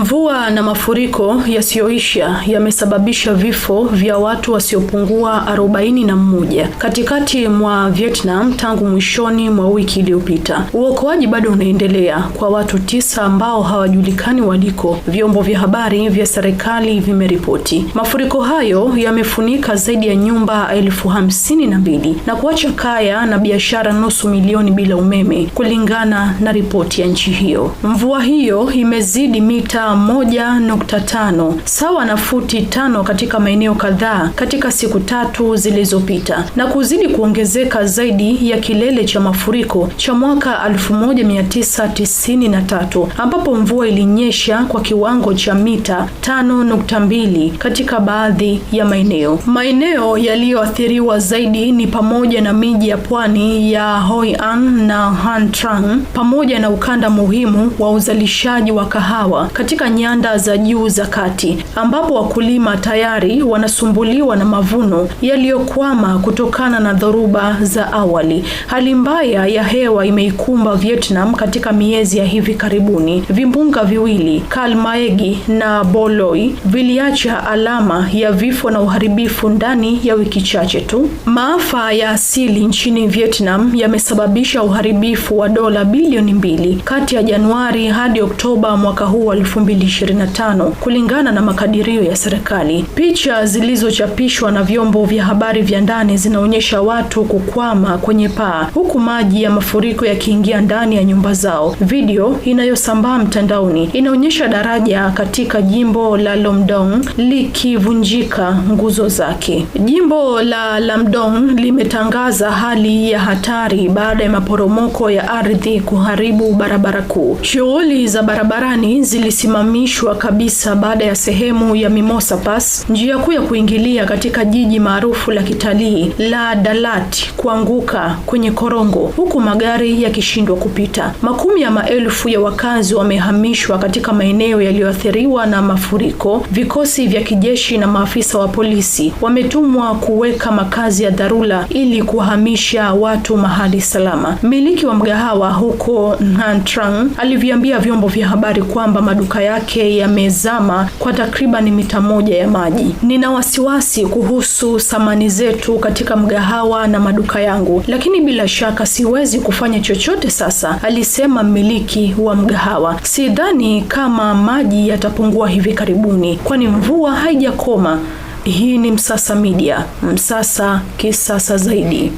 Mvua na mafuriko yasiyoisha yamesababisha vifo vya watu wasiopungua arobaini na mmoja katikati mwa Vietnam tangu mwishoni mwa wiki iliyopita. Uokoaji bado unaendelea kwa watu tisa ambao hawajulikani waliko, vyombo vya habari vya serikali vimeripoti. Mafuriko hayo yamefunika zaidi ya nyumba elfu hamsini na mbili na kuacha kaya na biashara nusu milioni bila umeme, kulingana na ripoti ya nchi hiyo. Mvua hiyo imezidi mita tano sawa na futi tano katika maeneo kadhaa katika siku tatu zilizopita na kuzidi kuongezeka zaidi ya kilele cha mafuriko cha mwaka 1993 ambapo mvua ilinyesha kwa kiwango cha mita 5.2 katika baadhi ya maeneo. Maeneo yaliyoathiriwa zaidi ni pamoja na miji ya pwani ya Hoi An na Han Trang pamoja na ukanda muhimu wa uzalishaji wa kahawa katika katika nyanda za juu za kati ambapo wakulima tayari wanasumbuliwa na mavuno yaliyokwama kutokana na dhoruba za awali. Hali mbaya ya hewa imeikumba Vietnam katika miezi ya hivi karibuni. Vimbunga viwili kalmaegi na Boloi viliacha alama ya vifo na uharibifu ndani ya wiki chache tu. Maafa ya asili nchini Vietnam yamesababisha uharibifu wa dola bilioni mbili kati ya Januari hadi Oktoba mwaka huu 2025 kulingana na makadirio ya serikali. Picha zilizochapishwa na vyombo vya habari vya ndani zinaonyesha watu kukwama kwenye paa huku maji ya mafuriko yakiingia ndani ya nyumba zao. Video inayosambaa mtandaoni inaonyesha daraja katika jimbo la Lomdong likivunjika nguzo zake. Jimbo la Lamdong limetangaza hali ya hatari baada ya maporomoko ya ardhi kuharibu barabara kuu. Shughuli za barabarani zilisimama kusimamishwa kabisa baada ya sehemu ya Mimosa Pass, njia kuu ya kuingilia katika jiji maarufu la kitalii la Dalati, kuanguka kwenye korongo, huku magari yakishindwa kupita. Makumi ya maelfu ya wakazi wamehamishwa katika maeneo yaliyoathiriwa na mafuriko. Vikosi vya kijeshi na maafisa wa polisi wametumwa kuweka makazi ya dharura ili kuwahamisha watu mahali salama. Mmiliki wa mgahawa huko Nantrang aliviambia vyombo vya habari kwamba maduka yake yamezama kwa takriban mita moja ya maji. Nina wasiwasi kuhusu samani zetu katika mgahawa na maduka yangu, lakini bila shaka siwezi kufanya chochote sasa, alisema mmiliki wa mgahawa. Sidhani kama maji yatapungua hivi karibuni, kwani mvua haijakoma. Hii ni Msasa Media, Msasa kisasa zaidi.